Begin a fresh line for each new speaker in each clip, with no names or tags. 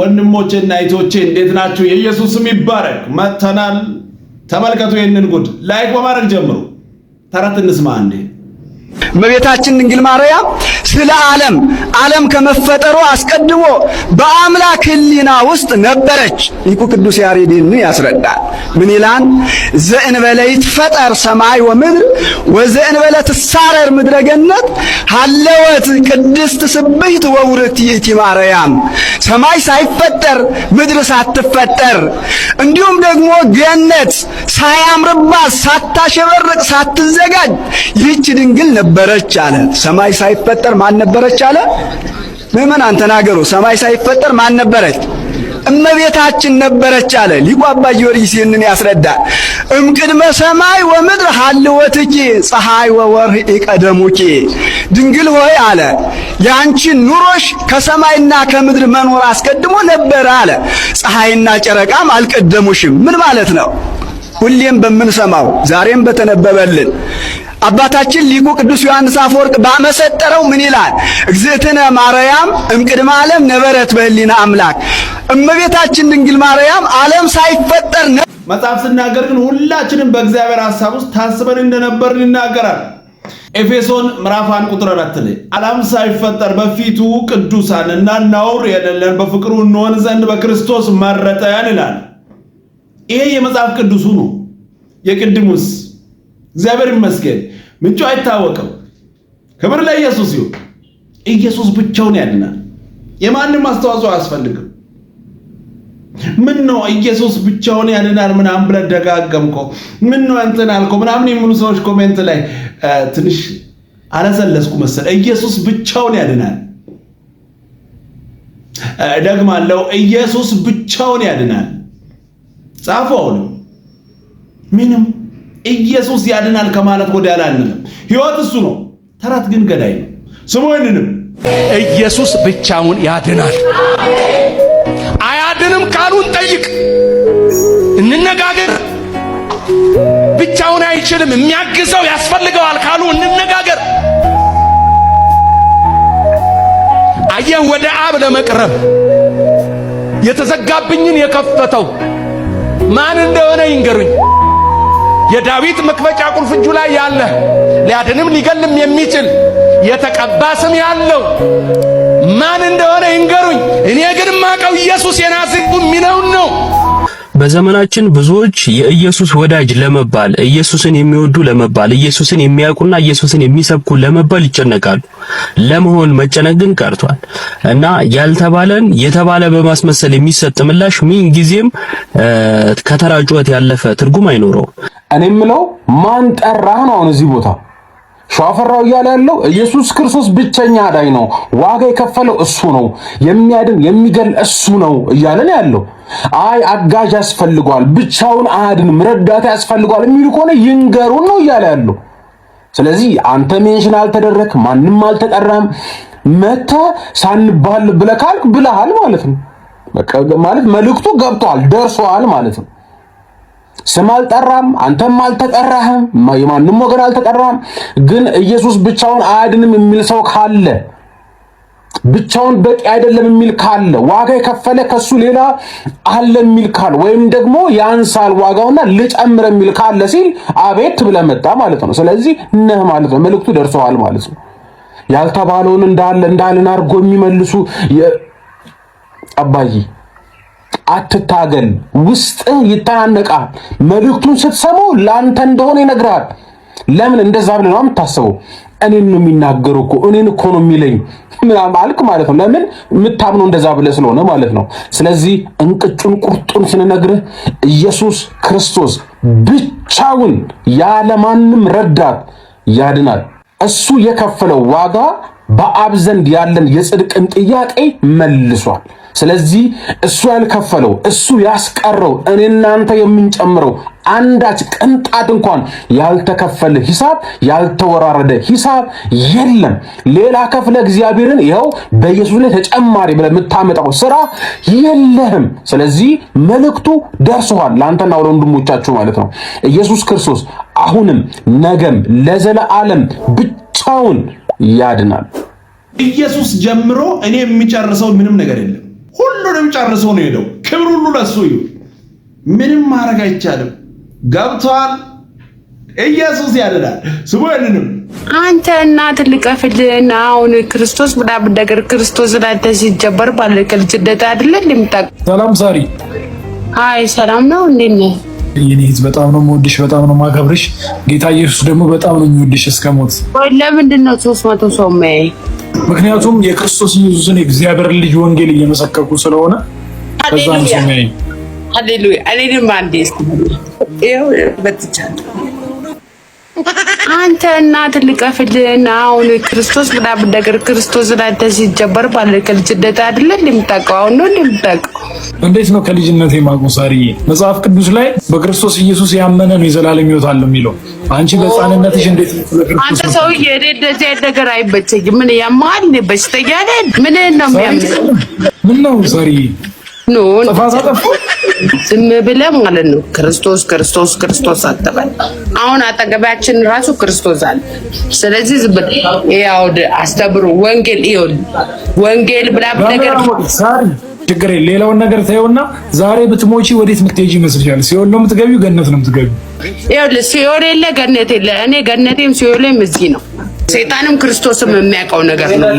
ወንድሞቼ እና እህቶቼ እንዴት ናችሁ? የኢየሱስ ስም ይባረክ። መተናል። ተመልከቱ ይህንን ጉድ። ላይክ በማድረግ ጀምሩ። ተረት እንስማ እንዴ እመቤታችን ድንግል ማርያም ስለ ዓለም ዓለም ከመፈጠሩ አስቀድሞ በአምላክ ሕሊና ውስጥ ነበረች። ሊቁ ቅዱስ ያሬድን ያስረዳል። ምን ይላል? ዘእንበለ ይትፈጠር ሰማይ ወምድር ወዘእንበለ ትሳረር ምድረ ገነት ሀለወት ቅድስት ስብሕት ወውርት ይእቲ ማርያም። ሰማይ ሳይፈጠር ምድር ሳትፈጠር እንዲሁም ደግሞ ገነት ሳያምርባት ሳታሸበርቅ ሳትዘጋጅ ይህች ድንግል ነበረች አለ። ሰማይ ሳይፈጠር ሳይፈጠር ማን ነበረች አለ? ምዕመናን ተናገሩ። ሰማይ ሳይፈጠር ማን ነበረች? እመቤታችን ነበረች አለ። ሊቁ አባ ጊዮርጊስ ይህንን ያስረዳል። እምቅድመ ሰማይ ወምድር ሀልወትኪ ፀሐይ ወወርህ ይቀደሙኪ። ድንግል ሆይ አለ ያንቺን ኑሮሽ ከሰማይና ከምድር መኖር አስቀድሞ ነበረ አለ። ፀሐይና ጨረቃም አልቀደሙሽም። ምን ማለት ነው? ሁሌም በምንሰማው ዛሬም በተነበበልን አባታችን ሊቁ ቅዱስ ዮሐንስ አፈወርቅ ባመሰጠረው ምን ይላል? እግዝእትነ ማርያም እምቅድመ ዓለም ነበረት በህሊና አምላክ። እመቤታችን ድንግል ማርያም ዓለም ሳይፈጠር መጽሐፍ ስናገር ግን ሁላችንም በእግዚአብሔር ሐሳብ ውስጥ ታስበን እንደነበርን ይናገራል። ኤፌሶን ምዕራፍ 1 ቁጥር 4 ላይ ዓለም ሳይፈጠር በፊቱ ቅዱሳን እና ነውር የሌለን በፍቅሩ እንሆን ዘንድ በክርስቶስ መረጠን ይላል። ይሄ የመጽሐፍ ቅዱሱ ነው። የቅድሙስ እግዚአብሔር ይመስገን። ምንጩ አይታወቅም። ክብር ለኢየሱስ ይሁን። ኢየሱስ ብቻውን ያድናል። የማንም አስተዋጽኦ አያስፈልግም። ምን ነው ኢየሱስ ብቻውን ያድናል ምናምን ብለህ ደጋገምከው፣ ምን ነው እንትን አልከው ምናምን የሚሉ ሰዎች ኮሜንት ላይ ትንሽ አለሰለስኩ መሰለ። ኢየሱስ ብቻውን ያድናል። ደግማለሁ፣ ኢየሱስ ብቻውን ያድናል። ጻፈው አሁንም ምንም ኢየሱስ ያድናል ከማለት ወደ አላልንም። ሕይወት እሱ ነው። ተረት ግን ገዳይ ነው። ስሙ ይንንም ኢየሱስ ብቻውን ያድናል። አያድንም ካሉን ጠይቅ፣ እንነጋገር። ብቻውን አይችልም፣ የሚያግዘው ያስፈልገዋል ካሉ እንነጋገር። አየህ ወደ አብ ለመቅረብ የተዘጋብኝን የከፈተው ማን እንደሆነ ይንገሩኝ። የዳዊት መክፈጫ ቁልፍ እጁ ላይ ያለ ሊያድንም ሊገልም የሚችል የተቀባ ስም ያለው ማን እንደሆነ ይንገሩኝ፣ እኔ ግን ማቀው ኢየሱስ የናዝሬቱ የሚለውን ነው። በዘመናችን ብዙዎች የኢየሱስ ወዳጅ ለመባል ኢየሱስን የሚወዱ ለመባል ኢየሱስን የሚያውቁና ኢየሱስን የሚሰብኩ ለመባል ይጨነቃሉ። ለመሆን መጨነቅ ግን ቀርቷል እና ያልተባለን የተባለ በማስመሰል የሚሰጥ ምላሽ ምን ጊዜም ከተራ ጩኸት ያለፈ ትርጉም አይኖረውም። እኔ የምለው ማን ጠራህ ነው። አሁን እዚህ ቦታ ሸዋፈራው እያለ ያለው ኢየሱስ ክርስቶስ ብቸኛ አዳኝ ነው፣ ዋጋ የከፈለው እሱ ነው፣ የሚያድን የሚገል እሱ ነው እያለን ያለው። አይ አጋዥ ያስፈልገዋል፣ ብቻውን አያድንም፣ ረዳት ያስፈልገዋል የሚሉ ከሆነ ይንገሩን ነው እያለ ያለው። ስለዚህ አንተ ሜንሽን አልተደረክ፣ ማንም አልተጠራም። መተ ሳንባል ብለካል ብለሃል ማለት ነው። ማለት መልእክቱ ገብቷል፣ ደርሷል ማለት ነው። ስም አልጠራም፣ አንተም አልተጠራህም፣ የማንም ወገን አልተጠራም። ግን ኢየሱስ ብቻውን አያድንም የሚል ሰው ካለ ብቻውን በቂ አይደለም የሚል ካለ ዋጋ የከፈለ ከሱ ሌላ አለ የሚል ካለ ወይም ደግሞ ያንሳል ዋጋውና ልጨምር የሚል ካለ ሲል አቤት ብለህ መጣ ማለት ነው። ስለዚህ ነህ ማለት ነው። መልእክቱ ደርሰዋል ማለት ነው። ያልተባለውን እንዳለ እንዳልን አድርጎ የሚመልሱ አባይ አትታገል፣ ውስጥህ ይተናነቃል። መልእክቱን ስትሰሙ ለአንተ እንደሆነ ይነግራል። ለምን እንደዛ ብለህ ነው የምታስበው? እኔን ነው የሚናገሩ እኮ እኔን እኮ ነው የሚለኝ ምናምን አልክ ማለት ነው። ለምን የምታምነው እንደዛ ብለህ ስለሆነ ማለት ነው። ስለዚህ እንቅጩን ቁርጡን ስንነግርህ ኢየሱስ ክርስቶስ ብቻውን ያለማንም ረዳት ያድናል። እሱ የከፈለው ዋጋ በአብ ዘንድ ያለን የጽድቅን ጥያቄ መልሷል። ስለዚህ እሱ ያልከፈለው እሱ ያስቀረው እኔ እናንተ የምንጨምረው አንዳች ቅንጣት እንኳን ያልተከፈለ ሂሳብ ያልተወራረደ ሂሳብ የለም። ሌላ ከፍለ እግዚአብሔርን ይኸው በኢየሱስ ላይ ተጨማሪ ብለህ የምታመጣው ስራ የለህም። ስለዚህ መልእክቱ ደርሰዋል ለአንተና ለወንድሞቻችሁ ማለት ነው። ኢየሱስ ክርስቶስ አሁንም ነገም ለዘለዓለም ብቻውን ያድናል። ኢየሱስ ጀምሮ እኔ የሚጨርሰው ምንም ነገር የለም። ሁሉንም ጨርሰው ነው ሄደው። ክብር ሁሉ ለሱ ይሁን። ምንም ማድረግ አይቻልም። ገብቷል። ኢየሱስ ያድናል። ስሙ ያንንም
አንተ እና ትልቅ ፍልና አሁን ክርስቶስ ምናምን ነገር ክርስቶስ ላንተ ሲጀበር ባለ ከልጅነት አይደለ እንደምታ ሰላም፣ ሳሪ። አይ ሰላም ነው። እንዴት ነህ?
የኔ በጣም ነው የምወድሽ፣ በጣም ነው የማከብርሽ። ጌታ ኢየሱስ ደግሞ በጣም ነው የሚወድሽ እስከ ሞት።
ለምንድን ነው ሶስት መቶ ሰው የሚያየኝ?
ምክንያቱም የክርስቶስ ኢየሱስን እግዚአብሔር ልጅ ወንጌል እየመሰከኩ ስለሆነ
ከዛ ነው ሰው የሚያየኝ። ሃሌሉያ! እኔንም አንዴ ይኸው በትቻለሁ አንተ እናትን ልቀፍልን። አሁን ክርስቶስ ምናምን ነገር ክርስቶስ ናንተ ሲጀበር ማለት ከልጅነት አይደለ እንደምታውቀው አሁን ነው እንደምታውቀው።
እንዴት ነው ከልጅነት የማውቀው? ሳርዬ መጽሐፍ ቅዱስ ላይ በክርስቶስ ኢየሱስ ያመነ ነው የዘላለም ሕይወት አለው የሚለው አንቺ በህፃንነትሽ እንዴት
አንተ ሰውዬ፣ እኔ እንደዚህ አይነት ነገር አይመቸኝም። ምን ያማል በሽተኛ ነን። ምን ነው የሚያምጽ
ምን ነው ሳርዬ
ኖ ጥፋት አጠፋሁ ዝም ብለህ ማለት ነው ክርስቶስ ክርስቶስ ክርስቶስ አትበል። አሁን አጠገባችን ራሱ ክርስቶስ አለ። ስለዚህ ዝም ብለህ ያው አስተብሩ ወንጌል ይሁን ወንጌል ብላ ነገር
ችግር ሌላውን ነገር ታየውና፣ ዛሬ ብትሞቺ ወዴት የምትሄጂ ይመስልሻል? ሲኦል ነው የምትገቢው? ገነት ነው የምትገቢው?
ይኸውልህ ሲኦል የለ ገነት የለ። እኔ ገነቴም ሲኦሌም እዚህ ነው። ሰይጣንም ክርስቶስም የሚያውቀው ነገር ነው።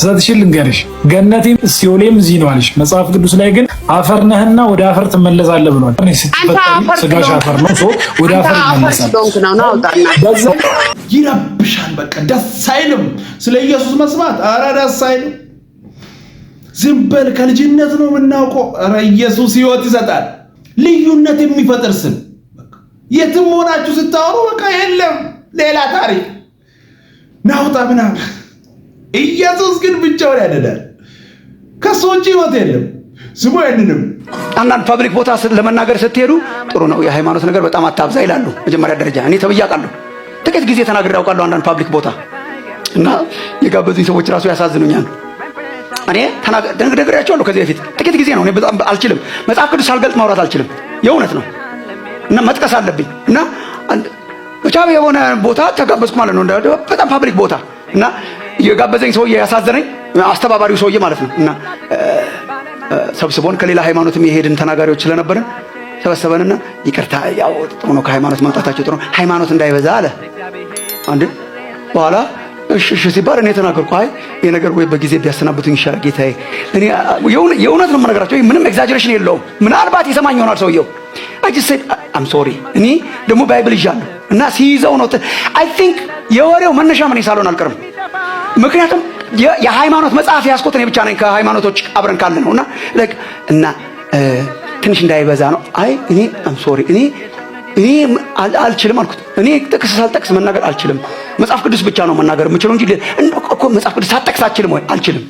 ስተትሽን ልንገርሽ፣ ገነቴም ሲኦሌም እዚህ ነው አለሽ። መጽሐፍ ቅዱስ ላይ ግን አፈር ነህና ወደ አፈር ትመለሳለህ ብሏል። ስጋሽ አፈር ነው፣ ወደ አፈር
ይመለሳል።
ይረብሻል። በቃ ደስ አይልም። ስለ ኢየሱስ መስማት አረ ደስ አይልም። ዝም በል። ከልጅነት ነው የምናውቀው። አረ ኢየሱስ ሕይወት ይሰጣል። ልዩነት የሚፈጥር ስም የትም ሆናችሁ ስታወሩ በቃ የለም ሌላ ታሪክ ናውጣ ምናምን ኢየሱስ ግን ብቻውን ያድናል። ከሱ ውጭ ሕይወት የለም። ስሙ ያንንም አንዳንድ ፐብሊክ ቦታ ለመናገር ስትሄዱ ጥሩ ነው የሃይማኖት ነገር በጣም አታብዛ ይላሉ። መጀመሪያ ደረጃ እኔ ተብዬ አውቃለሁ። ጥቂት ጊዜ ተናግሬ አውቃለሁ አንዳንድ ፓብሊክ ቦታ እና የጋበዙኝ ሰዎች ራሱ ያሳዝኑኛል። እኔ ተናግሬያቸዋለሁ ከዚህ በፊት ጥቂት ጊዜ ነው። እኔ በጣም አልችልም፣ መጽሐፍ ቅዱስ ሳልገልጥ ማውራት አልችልም። የእውነት ነው እና መጥቀስ አለብኝ እና ብቻ የሆነ ቦታ ተጋበዝኩ ማለት ነው በጣም ፓብሊክ ቦታ እና የጋበዘኝ ሰውዬ ያሳዘነኝ አስተባባሪው ሰውዬ ማለት ነው። እና ሰብስቦን ከሌላ ሃይማኖትም የሄድን ተናጋሪዎች ስለነበረን ሰበሰበንና ይቅርታ ያው ጥሩ ነው ከሃይማኖት መምጣታቸው ጥሩ ነው፣ ሃይማኖት እንዳይበዛ አለ። አንድ በኋላ እሺ እሺ ሲባል እኔ ተናገርኩ። አይ ይሄ ነገር ወይ በጊዜ ቢያሰናብቱኝ ይሻላል ጌታዬ። እኔ የእውነት ነው የምነግራቸው፣ ምንም ኤግዛጀሬሽን የለውም። ምናልባት ይሰማኝ ይሆናል ሰውየው። አይ ጀስት ሴድ አም ሶሪ። እኔ ደግሞ ባይብል ይዣለሁ እና ሲይዘው ነው አይ ቲንክ የወሬው መነሻ ምን ሳልሆን አልቀርም። ምክንያቱም የሃይማኖት መጽሐፍ ያስኮት እኔ ብቻ ነኝ ከሃይማኖቶች አብረን ካለ ነው እና እና ትንሽ እንዳይበዛ ነው። አይ እኔ አም ሶሪ እኔ እኔ አልችልም አልኩት። እኔ ጥቅስ ሳልጠቅስ መናገር አልችልም። መጽሐፍ ቅዱስ ብቻ ነው መናገር የምችለው እንጂ እኮ መጽሐፍ ቅዱስ ሳትጠቅስ አልችልም ወይ አልችልም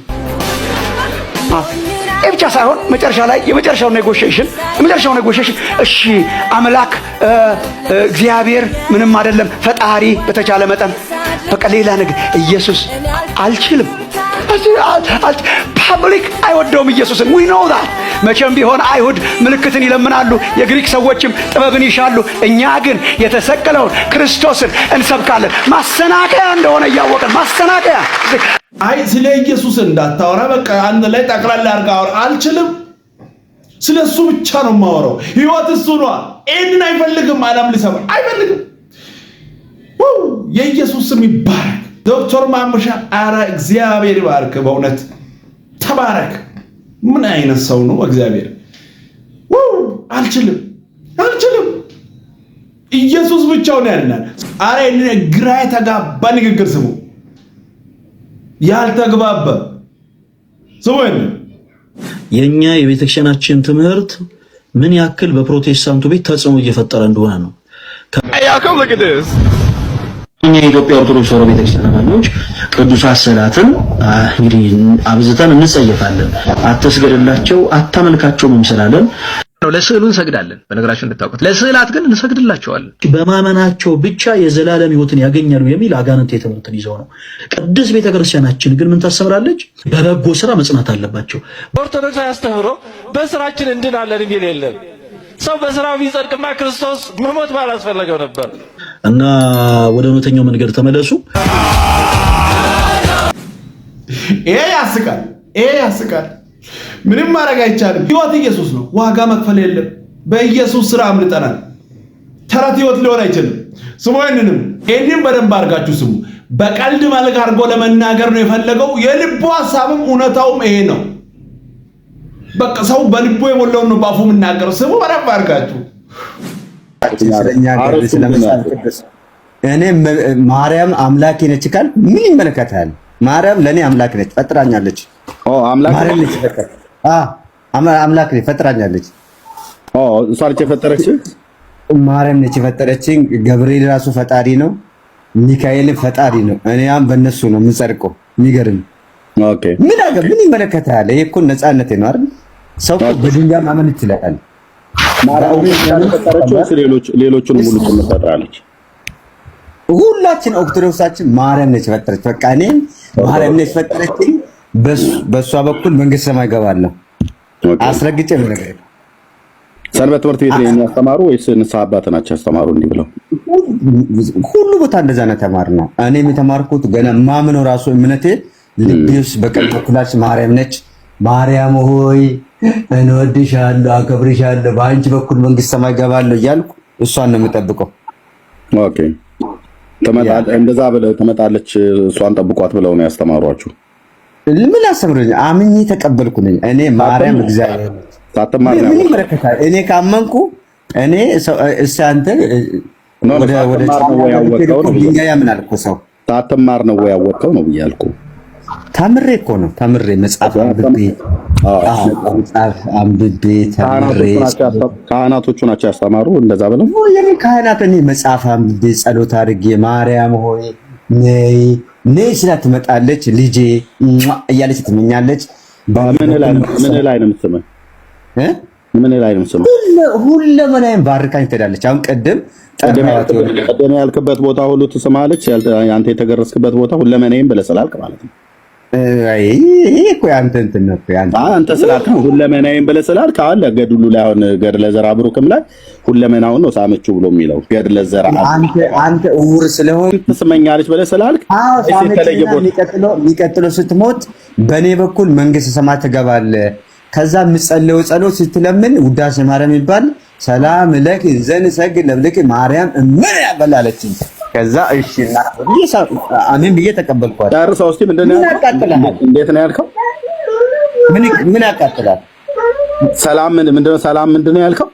ይህ ብቻ ሳይሆን መጨረሻ ላይ የመጨረሻው ኔጎሽሽን የመጨረሻው ኔጎሽሽን እሺ አምላክ እግዚአብሔር ምንም አይደለም ፈጣሪ በተቻለ መጠን በቃ ሌላ ነገር ኢየሱስ አልችልም ፐብሊክ አይወደውም ኢየሱስን። ዊ ኖ ዛት። መቼም ቢሆን አይሁድ ምልክትን ይለምናሉ፣ የግሪክ ሰዎችም ጥበብን ይሻሉ። እኛ ግን የተሰቀለውን ክርስቶስን እንሰብካለን። ማሰናከያ እንደሆነ እያወቅን ማሰናከያ። አይ ስለ ኢየሱስ እንዳታወራ በቃ አንድ ላይ ጠቅላላ አድርጋ አወራ። አልችልም። ስለ እሱ ብቻ ነው የማወራው። ህይወት እሱ ነው። ይህንን አይፈልግም። ዓለም ሊሰማ አይፈልግም። የኢየሱስ ስም ይባረክ። ዶክተር ማሙሻ አረ እግዚአብሔር ይባርክ በእውነት ተባረክ። ምን አይነት ሰው ነው እግዚአብሔር? አልችልም አልችልም። ኢየሱስ ብቻውን ያድናል። አረ ግራ የተጋባ ንግግር ስሙ። ያልተግባባ ስሙ። የኛ የቤተክርስቲያናችን ትምህርት ምን ያክል በፕሮቴስታንቱ ቤት ተጽዕኖ እየፈጠረ እንደሆነ ነው። እኛ የኢትዮጵያ ኦርቶዶክስ ተዋሕዶ ቤተክርስቲያን አማኞች ቅዱሳት ስዕላትን እንግዲህ አብዝተን እንጸየፋለን። አትስገድላቸው፣ አታመልካቸውም እንሰላለን
ነው ለስዕሉ እንሰግዳለን። በነገራችን እንድታውቁት ለስዕላት ግን እንሰግድላቸዋለን።
በማመናቸው ብቻ የዘላለም ህይወትን ያገኛሉ የሚል አጋንንት የትምህርትን ይዘው ነው። ቅድስት ቤተክርስቲያናችን ግን ምን ታስተምራለች? በበጎ ስራ መጽናት አለባቸው።
ኦርቶዶክስ አስተምህሮ በስራችን እንድናለን የሚል የለም። ሰው በስራው ቢጸድቅማ ክርስቶስ መሞት ባላስፈለገው ነበር።
እና ወደ እውነተኛው መንገድ ተመለሱ። ይሄ ያስቃል፣ ይሄ ያስቃል። ምንም ማድረግ አይቻልም። ህይወት ኢየሱስ ነው። ዋጋ መክፈል የለም። በኢየሱስ ስራ አምልጠናል። ተረት ህይወት ሊሆን አይችልም። ስሙ፣ ይህንንም ይህንም በደንብ አድርጋችሁ ስሙ። በቀልድ መልክ አድርጎ ለመናገር ነው የፈለገው። የልቡ ሀሳብም እውነታውም ይሄ ነው። በቃ ሰው በልቦ የሞላውን ነው በአፉ የምናገረው። ስሙ በረባ አድርጋችሁ እኔ ማርያም አምላኬ ነች ካል ምን ይመለከታል? ማርያም ለእኔ አምላክ ነች፣ ፈጥራኛለች። አምላክ ነች፣ ፈጥራኛለች።
እሷ ነች የፈጠረች፣
ማርያም ነች የፈጠረችኝ። ገብርኤል ራሱ ፈጣሪ ነው፣ ሚካኤልን ፈጣሪ ነው። እኔም ያም በእነሱ ነው የምጸድቀው። የሚገርም ምን ምን ይመለከታል? ይሄ እኮ ነፃነቴ ነው አይደል? ሰው በድንጋይ ማመን ይችላል።
ሌሎችን ሙሉ ትፈጥራለች።
ሁላችን ኦርቶዶክሳችን ማርያም ነች ፈጠረች። በቃ እኔ ማርያም ነች ፈጠረች። በእሷ በኩል መንግስት ሰማይ ገባለሁ አስረግጬ ነገር
ሰንበት ትምህርት ቤት ላይ የሚያስተማሩ ወይስ ንስሐ አባት ናቸው ያስተማሩ? እንዲህ ብለው
ሁሉ ቦታ እንደዛ ነው የተማርነው። እኔም የተማርኩት ገና ማምነው ራሱ እምነቴ ልቤ ውስጥ በቀኝ በኩላችን ማርያም ነች ማርያም ሆይ እንወድሻለሁ፣ አከብርሻለሁ፣ በአንቺ በኩል መንግስት ሰማይ ገባለሁ እያልኩ እሷን ነው የምጠብቀው።
ኦኬ እንደዛ ብለህ ትመጣለች፣ እሷን ጠብቋት ብለው ነው ያስተማሯችሁ?
ምን አስተምሮኝ? አምኜ ተቀበልኩ ነኝ እኔ ማርያም እግዚአብሔር ምን ይመለከታል? እኔ ካመንኩ እኔ አንተ
ወደ ወደ ያምናል እኮ ሰው ሳትማር ነው ወይ ነው ብያለሁ
ታምሬ እኮ ነው ታምሬ መጽሐፍ አንብቤ መጽሐፍ
አንብቤ ታምሬ ካህናቶቹ ናቸው ያስተማሩ። እንደዛ ብለው
የኔ ካህናት እኔ መጽሐፍ አንብቤ ጸሎት አድርጌ ማርያም ሆይ ነይ ነይ ስላት ትመጣለች። ልጄ እያለች ትመኛለች።
ምን ላይ ነው የምትስመኝ?
ምን ላይ ነው የምትስመኝ? ሁለመናዬን ባርካኝ ትሄዳለች። አሁን ቅድም
ቅድም ያልክበት ቦታ ሁሉ ትስማለች። አንተ የተገረዝክበት ቦታ ሁለመናዬን ብለህ ስላልክ ማለት ነው አንተ ስላልክ ሁለመናዬን ብለህ ስላልክ አለ ገድሉ ላይ አሁን ገድለ ዘራ ብሩክም ላይ ሁለመናውን ነው ሳመችው ብሎ የሚለው ገድለ ዘራ
አንተ አንተ እውር ስለሆን
ትስመኛለች ብለህ ስላልክ
የሚቀጥለው ስትሞት በእኔ በኩል መንግስተ ሰማያት ትገባለህ። ከዛ የምጸለው ጸሎት ስትለምን ውዳሴ ማርያም ይባል ሰላም ለኪ ሰግ ለብልኪ ማርያም እምን ያበላለችኝ ከዛ እሺ እና እኔም ብዬ ተቀበልኳት።
ዳርሳው እስቲ ምንድን ነው ያቃጥላል? እንዴት
ነው ያልከው? ምን ምን ያቃጥላል?
ሰላም ምንድን ነው ሰላም ምንድን ነው ያልከው?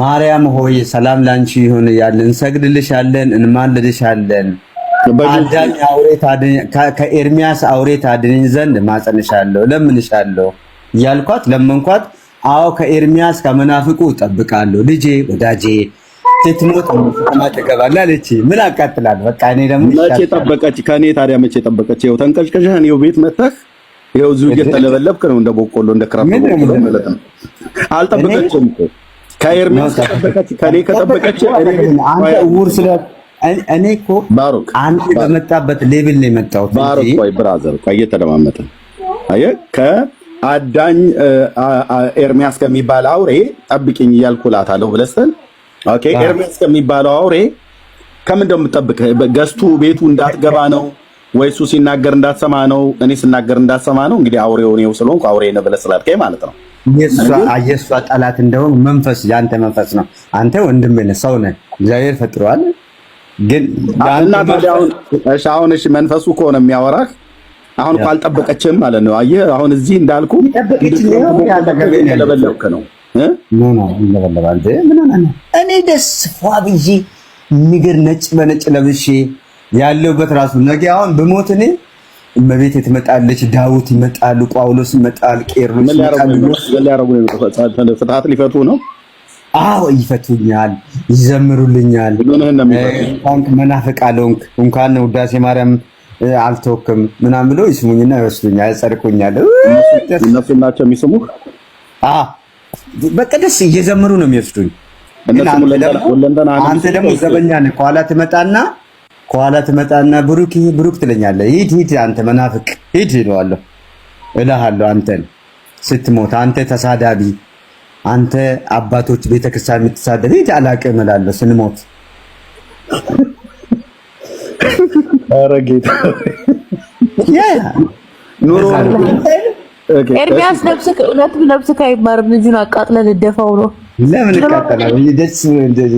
ማርያም ሆይ ሰላም ላንቺ ይሁን እያለን እንሰግድልሻለን፣ እንማልድሻለን። አዳኝ አውሬ ታድኝ፣ ከኤርሚያስ አውሬ ታድኝ ዘንድ ማጸንሻለሁ፣ ለምንሻለሁ እያልኳት ለመንኳት። አዎ ከኤርሚያስ ከመናፍቁ እጠብቃለሁ ልጄ ወዳጄ ስትሞት ትገባለህ አለችኝ። ምን አቃጥላለሁ? በቃ
እኔ ደግሞ መቼ ጠበቀች? ከእኔ ታዲያ መቼ ጠበቀች? ይኸው ቤት መጥተህ ይኸው እዚሁ እየተለበለብክ ነው፣ እንደ በቆሎ እንደ በቆሎ ማለት ነው። አልጠበቀችም ከኤርሚያስ ከጠበቀች፣ ከእኔ ከጠበቀች
አንተ እውር ስለ እኔ እኮ አንተ በመጣበት ሌብል ነው የመጣሁት።
ቆይ ብራዘር፣ ቆይ አየህ ኤርሚያስ ከሚባል አውሬ እያልኩ እላታለሁ ብለህ ኦኬ ኤርሜስ ከሚባለው አውሬ ከምን እንደምጠብቅ ገዝቱ ቤቱ እንዳትገባ ነው ወይ እሱ ሲናገር እንዳትሰማ ነው እኔ ስናገር እንዳትሰማ ነው እንግዲህ አውሬው ነው ስለሆንኩ አውሬ ነው ብለህ ስላልከኝ ማለት ነው
የእሷ ጠላት እንደሆን መንፈስ የአንተ መንፈስ ነው አንተ ወንድም ነህ ሰው ነህ እግዚአብሔር ፈጥሯል ግን
አሁን እሺ መንፈሱ ከሆነ የሚያወራህ አሁን እኮ አልጠበቀችም ማለት ነው አየህ አሁን እዚህ እንዳልኩ ለበለብክ ነው
እኔ ደስ ፏ ብዬ ንግር ነጭ በነጭ ለብሼ ያለሁበት ራሱ ነገ አሁን ብሞት እኔ እመቤት ትመጣለች፣ ዳዊት ይመጣሉ፣ ጳውሎስ ይመጣል፣ ቄርሎስ ሊፈቱ ነው። አዎ ይፈቱኛል፣ ይዘምሩልኛል። መናፍቅ አልሆንክ እንኳን ውዳሴ ማርያም አልተወክም ምናምን ብሎ ይስሙኝና ይወስዱኛል፣ ያጸድቁኛል።
እነሱ ናቸው የሚስሙህ
በቃ ደስ እየዘመሩ ነው የሚወስዱኝ። አንተ ደግሞ ዘበኛ ነህ። ከኋላ ትመጣና ከኋላ ትመጣና ብሩክ ብሩክ ትለኛለህ። ሂድ ሂድ፣ አንተ መናፍቅ ሂድ ይለዋለሁ እልሃለሁ። አንተን ስትሞት አንተ ተሳዳቢ፣ አንተ አባቶች ቤተክርስቲያን የምትሳደብ ሂድ፣ አላቅም እላለሁ ስንሞት። ኧረ ጌታ ኑሮ
ኤርሚያስ ነብስ ከእውነት ነብስ ከይማርም ልጁን አቃጥለን እንደፋው ነው።
ለምን ይቃጠላል? ደስ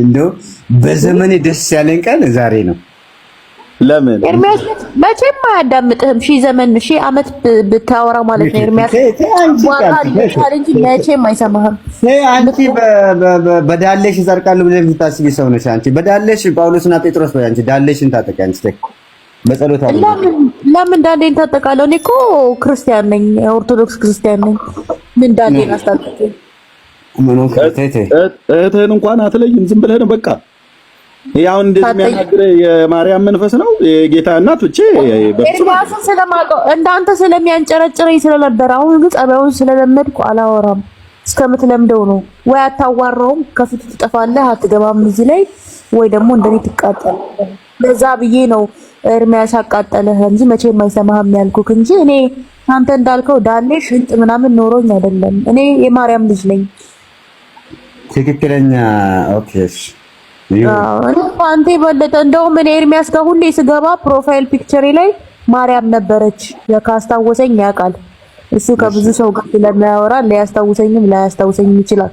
እንደው በዘመኔ ደስ ያለኝ ቀን ዛሬ ነው። ለምን
ኤርሚያስ መቼም አያዳምጥህም። ሺህ ዘመን ሺህ ዓመት ብታወራ ማለት ነው ኤርሚያስ እንጂ መቼም አይሰማህም።
አንቺ በዳሌሽ ብለሽ የምታስቢ ሰው ነሽ አንቺ። በዳለሽ ጳውሎስና ጴጥሮስ በይ አንቺ ዳሌሽን ታጠቂ አንቺ። በጸሎት አለ
ለምን ዳንዴን ታጠቃለሁ? እኔ እኮ ክርስቲያን ነኝ፣ ኦርቶዶክስ ክርስቲያን ነኝ። ምን ዳንዴን አስታጠቅ?
እህትህን እንኳን አትለይም፣ ዝም ብለህ ነው በቃ። ያው እንደዚህ የሚያናግር የማርያም መንፈስ ነው የጌታ እናት ብቻ
ኤርባስን ስለማውቀው እንዳንተ ስለሚያንጨረጭረኝ ስለነበር፣ አሁን ግን ጸባዩን ስለለመድኩ አላወራም። እስከምትለምደው ነው ወይ አታዋራውም፣ ከፊቱ ትጠፋለህ፣ አትገባም እዚህ ላይ ወይ ደግሞ እንደኔ ትቃጠል። ለዛ ብዬ ነው እርሚያስ አቃጠለህ እንጂ መቼ የማይሰማህም ያልኩህ እንጂ እኔ አንተ እንዳልከው ዳሌ ሽንጥ ምናምን ኖሮኝ አይደለም። እኔ የማርያም ልጅ ነኝ።
ትክክለኛ ኦኬ።
አንተ የበለጠ እንደውም እኔ ኤርሚያስ ጋር ሁሌ ስገባ ፕሮፋይል ፒክቸሪ ላይ ማርያም ነበረች። ካስታወሰኝ ያውቃል እሱ ከብዙ ሰው ጋር ስለማያወራ ሊያስታውሰኝም ላያስታውሰኝም ይችላል።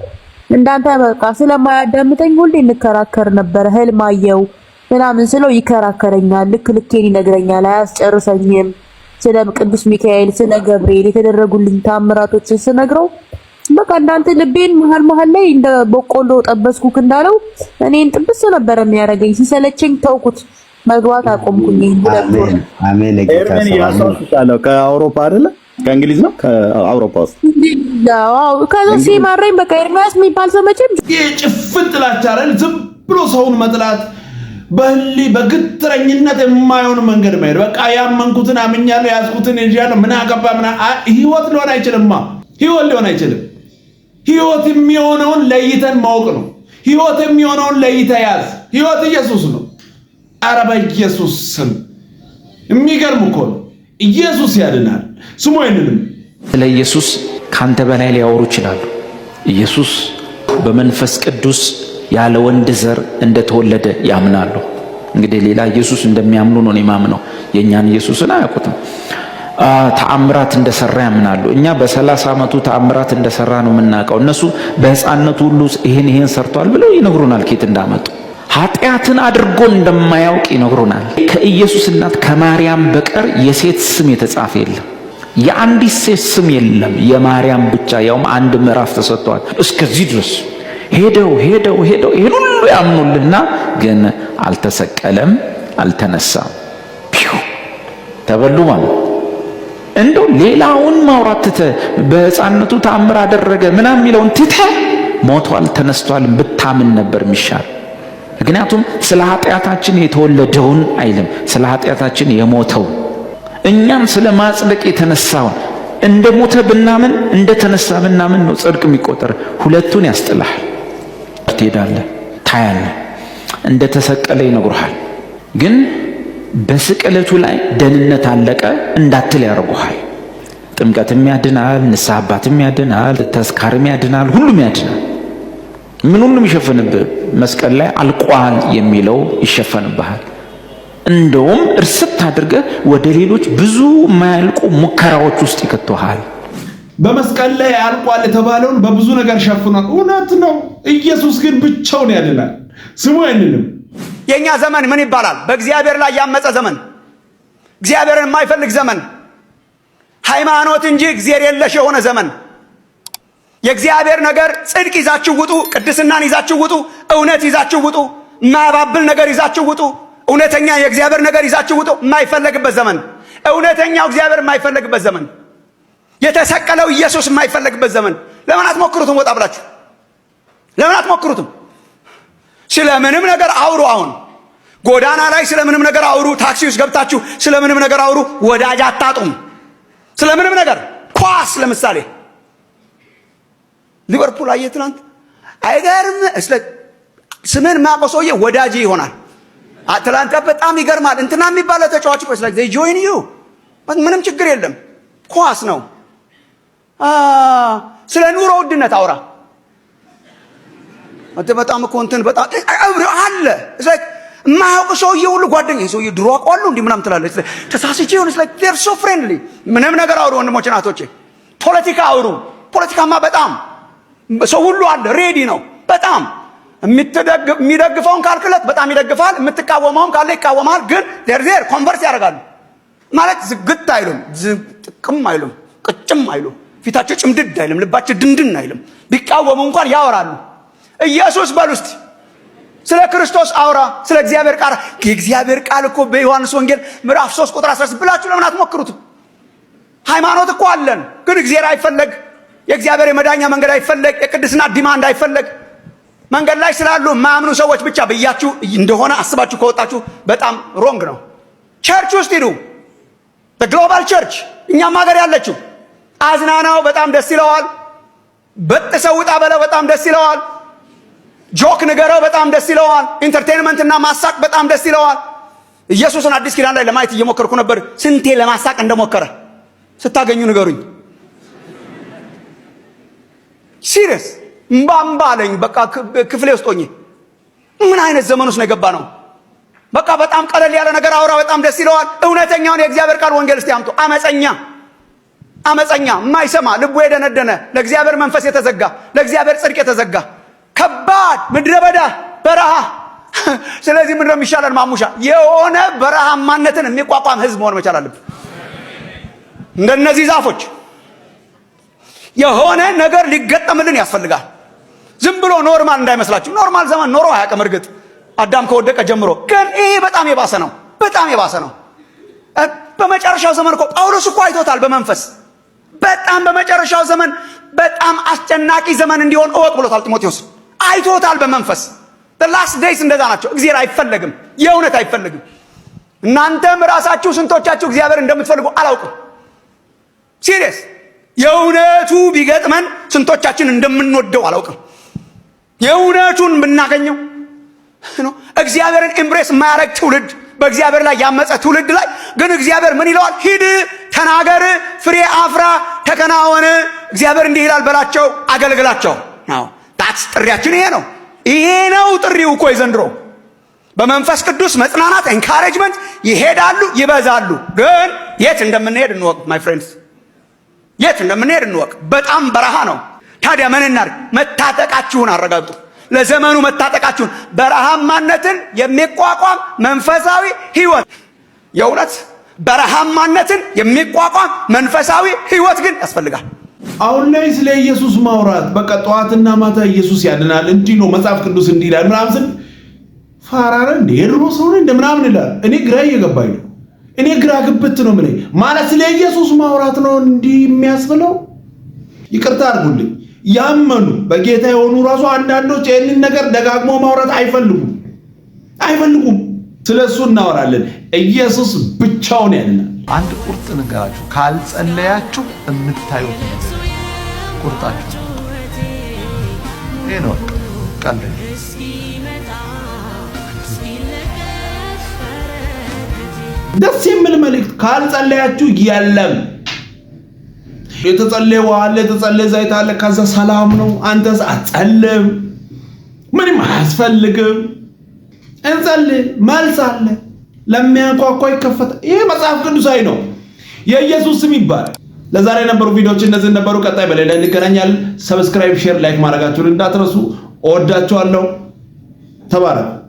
እንዳንተ በቃ ስለማያዳምጠኝ ሁሌ እንከራከር ነበረ። ህልም አየው ምናምን ስለው ይከራከረኛል። ልክ ልኬን ይነግረኛል። አያስጨርሰኝም። ስለ ቅዱስ ሚካኤል፣ ስለ ገብርኤል የተደረጉልኝ ታምራቶችን ስነግረው በቃ እንዳንተ ልቤን መሀል መሀል ላይ እንደ በቆሎ ጠበስኩክ እንዳለው እኔን ጥብስ ነበረ የሚያደርገኝ። ሲሰለቸኝ ተውኩት፣ መግባት አቆምኩኝ።
አሜን
ከአውሮፓ አይደለ ከእንግሊዝ ነው ከአውሮፓ ውስጥ
አዎ። ከዛ ሲማረኝ በቃ ኤርሚያስ የሚባል ሰው መቼም
ጭፍን ጥላቻ አይደል ዝም ብሎ ሰውን መጥላት በህሊ በግትረኝነት የማይሆን መንገድ መሄድ በቃ ያመንኩትን አምኛለሁ፣ ያዝኩትን ይዣለሁ፣ ምን አገባ ምን ህይወት ሊሆን አይችልምማ። ህይወት ሊሆን አይችልም። ህይወት የሚሆነውን ለይተን ማወቅ ነው። ህይወት የሚሆነውን ለይተ ያዝ። ህይወት ኢየሱስ ነው። ኧረ በኢየሱስ ስም የሚገርም እኮ ነው። ኢየሱስ ያድናል። ስሙ አይንልም። ስለ ኢየሱስ ከአንተ በላይ ሊያወሩ ይችላሉ። ኢየሱስ በመንፈስ ቅዱስ ያለ ወንድ ዘር እንደተወለደ ያምናሉ። እንግዲህ ሌላ ኢየሱስ እንደሚያምኑ ነው የማምነው። የእኛን ኢየሱስን አያውቁትም። ተአምራት እንደሰራ ያምናሉ። እኛ በሰላሳ ዓመቱ ተአምራት እንደሰራ ነው የምናውቀው። እነሱ በህፃነቱ ሁሉ ይህን ይህን ሰርቷል ብለው ይነግሩናል። ኬት እንዳመጡ ኃጢአትን አድርጎ እንደማያውቅ ይነግሩናል። ከኢየሱስ እናት ከማርያም በቀር የሴት ስም የተጻፈ የለም። የአንዲት ሴት ስም የለም፣ የማርያም ብቻ። ያውም አንድ ምዕራፍ ተሰጥቷል። እስከዚህ ድረስ ሄደው ሄደው ሄደው ይሄን ሁሉ ያምኑልና ግን አልተሰቀለም፣ አልተነሳም ተበሉ ማለት እንደው ሌላውን ማውራት ትተ በህፃንነቱ ተአምር አደረገ ምናም የሚለውን ትተ ሞቷል ተነስቷልም ብታምን ነበር የሚሻል። ምክንያቱም ስለ ኃጢአታችን የተወለደውን አይልም፣ ስለ ኃጢአታችን የሞተው እኛን ስለ ማጽደቅ የተነሳውን እንደ ሞተ ብናምን እንደ ተነሳ ብናምን ነው ጽድቅ የሚቆጠር። ሁለቱን ያስጥልሃል። ትሄዳለህ፣ ታያለህ። እንደተሰቀለ ይነግሩሃል። ግን በስቅለቱ ላይ ደህንነት አለቀ እንዳትል ያደርጉሃል። ጥምቀትም ያድናል፣ ንስሐ አባትም ያድናል፣ ተስካርም ያድናል፣ ሁሉም ያድናል። ምን ሁሉም ይሸፈንብህ። መስቀል ላይ አልቋል የሚለው ይሸፈንብሃል። እንደውም እርስት አድርገህ ወደ ሌሎች ብዙ የማያልቁ ሙከራዎች ውስጥ ይከተሃል። በመስቀል ላይ አልቋል የተባለውን በብዙ ነገር ሸፍኗል። እውነት ነው። ኢየሱስ ግን ብቻውን ያድናል። ስሙ አይንልም።
የእኛ ዘመን ምን ይባላል? በእግዚአብሔር ላይ ያመፀ ዘመን፣ እግዚአብሔርን የማይፈልግ ዘመን፣ ሃይማኖት እንጂ እግዚአብሔር የለሽ የሆነ ዘመን። የእግዚአብሔር ነገር ጽድቅ ይዛችሁ ውጡ፣ ቅድስናን ይዛችሁ ውጡ፣ እውነት ይዛችሁ ውጡ፣ ማባብል ነገር ይዛችሁ ውጡ፣ እውነተኛ የእግዚአብሔር ነገር ይዛችሁ ውጡ። የማይፈለግበት ዘመን፣ እውነተኛው እግዚአብሔር የማይፈለግበት ዘመን፣ የተሰቀለው ኢየሱስ የማይፈለግበት ዘመን። ለምን አትሞክሩትም? ወጣ ብላችሁ ለምን አትሞክሩትም? ስለምንም ነገር አውሩ። አሁን ጎዳና ላይ ስለምንም ነገር አውሩ። ታክሲ ውስጥ ገብታችሁ ስለምንም ነገር አውሩ። ወዳጅ አታጡም። ስለምንም ነገር ኳስ፣ ለምሳሌ ሊቨርፑል አየህ ትናንት፣ አይገርም? ስለ ስምን ማቆ ሰውዬ ወዳጅ ይሆናል። አትላንታ በጣም ይገርማል። እንትና የሚባለ ተጫዋች ቆይ ስለ ጆይን ዩ ምንም ችግር የለም ኳስ ነው። ስለ ኑሮ ውድነት አውራ አንተ በጣም እኮ እንትን በጣም አለ የማያውቅ ሰውዬ ሁሉ ጓደኛ ሰውዬ ድሮ አውቀዋለሁ እንዲህ ምናምን ትላለች። ተሳስቼ ሆነ ስለ ዴር ሶ ፍሬንድሊ ምንም ነገር አውሩ። ወንድሞች ናቶቼ ፖለቲካ አውሩ። ፖለቲካማ በጣም ሰው ሁሉ አለ፣ ሬዲ ነው በጣም የሚደግፈውን ካልክለት በጣም ይደግፋል። የምትቃወመውም ካለ ይቃወማል። ግን ዴር ዴር ኮንቨርስ ያደርጋሉ ማለት ዝግት አይሉም፣ ዝቅም አይሉም፣ ቅጭም አይሉም፣ ፊታቸው ጭምድድ አይልም፣ ልባቸው ድንድን አይልም። ቢቃወሙ እንኳን ያወራሉ። ኢየሱስ በል ውስጥ ስለ ክርስቶስ አውራ፣ ስለ እግዚአብሔር ቃል። የእግዚአብሔር ቃል እኮ በዮሐንስ ወንጌል ምዕራፍ 3 ቁጥር 16 ብላችሁ ለምን አትሞክሩትም? ሃይማኖት እኮ አለን፣ ግን እግዚአብሔር አይፈለግ፣ የእግዚአብሔር የመዳኛ መንገድ አይፈለግ፣ የቅድስና ዲማንድ አይፈለግ። መንገድ ላይ ስላሉ የማያምኑ ሰዎች ብቻ ብያችሁ እንደሆነ አስባችሁ ከወጣችሁ በጣም ሮንግ ነው። ቸርች ውስጥ ሂዱ፣ በግሎባል ቸርች እኛም ሀገር ያለችው አዝናናው በጣም ደስ ይለዋል። በጥ ሰውጣ በለው በጣም ደስ ይለዋል። ጆክ ንገረው፣ በጣም ደስ ይለዋል። ኢንተርቴንመንት እና ማሳቅ በጣም ደስ ይለዋል። ኢየሱስን አዲስ ኪዳን ላይ ለማየት እየሞከርኩ ነበር። ስንቴ ለማሳቅ እንደሞከረ ስታገኙ ንገሩኝ። ሲሪየስ እምባምባ አለኝ። በቃ ክፍሌ ውስጥ ሆኜ ምን አይነት ዘመን ውስጥ ነው የገባ ነው። በቃ በጣም ቀለል ያለ ነገር አውራ፣ በጣም ደስ ይለዋል። እውነተኛውን የእግዚአብሔር ቃል ወንጌል እስቲ አምጡ። አመፀኛ አመፀኛ፣ የማይሰማ ልቡ የደነደነ፣ ለእግዚአብሔር መንፈስ የተዘጋ፣ ለእግዚአብሔር ጽድቅ የተዘጋ ከባድ ምድረ በዳ በረሃ። ስለዚህ ምንድነው የሚሻለን? ማሙሻ የሆነ በረሃማነትን የሚቋቋም ህዝብ መሆን መቻል አለብን። እንደነዚህ ዛፎች የሆነ ነገር ሊገጠምልን ያስፈልጋል። ዝም ብሎ ኖርማል እንዳይመስላችሁ። ኖርማል ዘመን ኖሮ አያውቅም። እርግጥ አዳም ከወደቀ ጀምሮ ግን ይሄ በጣም የባሰ ነው። በጣም የባሰ ነው። በመጨረሻው ዘመን እኮ ጳውሎስ እኮ አይቶታል በመንፈስ በጣም በመጨረሻው ዘመን በጣም አስጨናቂ ዘመን እንዲሆን እወቅ ብሎታል ጢሞቴዎስ። አይቶታል በመንፈስ ላስት ዴይስ እንደዛ ናቸው። እግዚአብሔር አይፈለግም፣ የእውነት አይፈለግም። እናንተም ራሳችሁ ስንቶቻችሁ እግዚአብሔር እንደምትፈልጉ አላውቅም። ሲሪየስ የእውነቱ ቢገጥመን ስንቶቻችን እንደምንወደው አላውቅም። የእውነቱን ብናገኘው እግዚአብሔርን ኤምብሬስ የማያደርግ ትውልድ፣ በእግዚአብሔር ላይ ያመፀ ትውልድ ላይ ግን እግዚአብሔር ምን ይለዋል? ሂድ፣ ተናገር፣ ፍሬ አፍራ፣ ተከናወን፣ እግዚአብሔር እንዲህ ይላል በላቸው፣ አገልግላቸው ዳትስ ጥሪያችን ይሄ ነው። ይሄ ነው ጥሪው እኮ ዘንድሮ በመንፈስ ቅዱስ መጽናናት ኤንካሬጅመንት ይሄዳሉ፣ ይበዛሉ። ግን የት እንደምንሄድ እንወቅ። ማይ ፍሬንድስ የት እንደምንሄድ እንወቅ። በጣም በረሃ ነው። ታዲያ ምን እናድርግ? መታጠቃችሁን አረጋግጡ። ለዘመኑ መታጠቃችሁን፣ በረሃማነትን የሚቋቋም መንፈሳዊ ህይወት የእውነት በረሃማነትን የሚቋቋም መንፈሳዊ ህይወት ግን ያስፈልጋል።
አሁን ላይ ስለ ኢየሱስ ማውራት በቃ ጠዋትና ማታ ኢየሱስ ያድናል፣ እንዲህ ነው መጽሐፍ ቅዱስ እንዲህ ይላል ምናምን ስል ፋራረ እንደ የድሮ ሰው ነው እንደ ምናምን ይላል። እኔ ግራ እየገባኝ ነው። እኔ ግራ ግብት ነው የምልህ። ማለት ስለ ኢየሱስ ማውራት ነው እንዲህ የሚያስብለው? ይቅርታ አድርጉልኝ፣ ያመኑ በጌታ የሆኑ ራሱ አንዳንዶች ይህንን ነገር ደጋግሞ ማውራት አይፈልጉም አይፈልጉም። ስለ እሱ እናወራለን። ኢየሱስ ብቻውን ያድናል። አንድ ቁርጥ ንገራችሁ፣ ካልጸለያችሁ የምታዩት ቁርጣችሁ ይህ ነው። ቀልድ ደስ የሚል መልእክት። ካልጸለያችሁ የለም የተጸለየ ውሃ አለ፣ የተጸለየ ዘይት አለ። ከዛ ሰላም ነው። አንተስ አትጸልም፣ ምንም አያስፈልግም። እንጸልይ፣ መልስ አለ። ለሚያንኳኳ ይከፈታል። ይህ መጽሐፍ ቅዱሳዊ ነው። የኢየሱስ ስም ይባላል። ለዛሬ የነበሩ ቪዲዮዎች እነዚህ ነበሩ። ቀጣይ በሌላ እንገናኛለን። ሰብስክራይብ፣ ሼር፣ ላይክ ማድረጋችሁን እንዳትረሱ። እወዳችኋለሁ። ተባረኩ።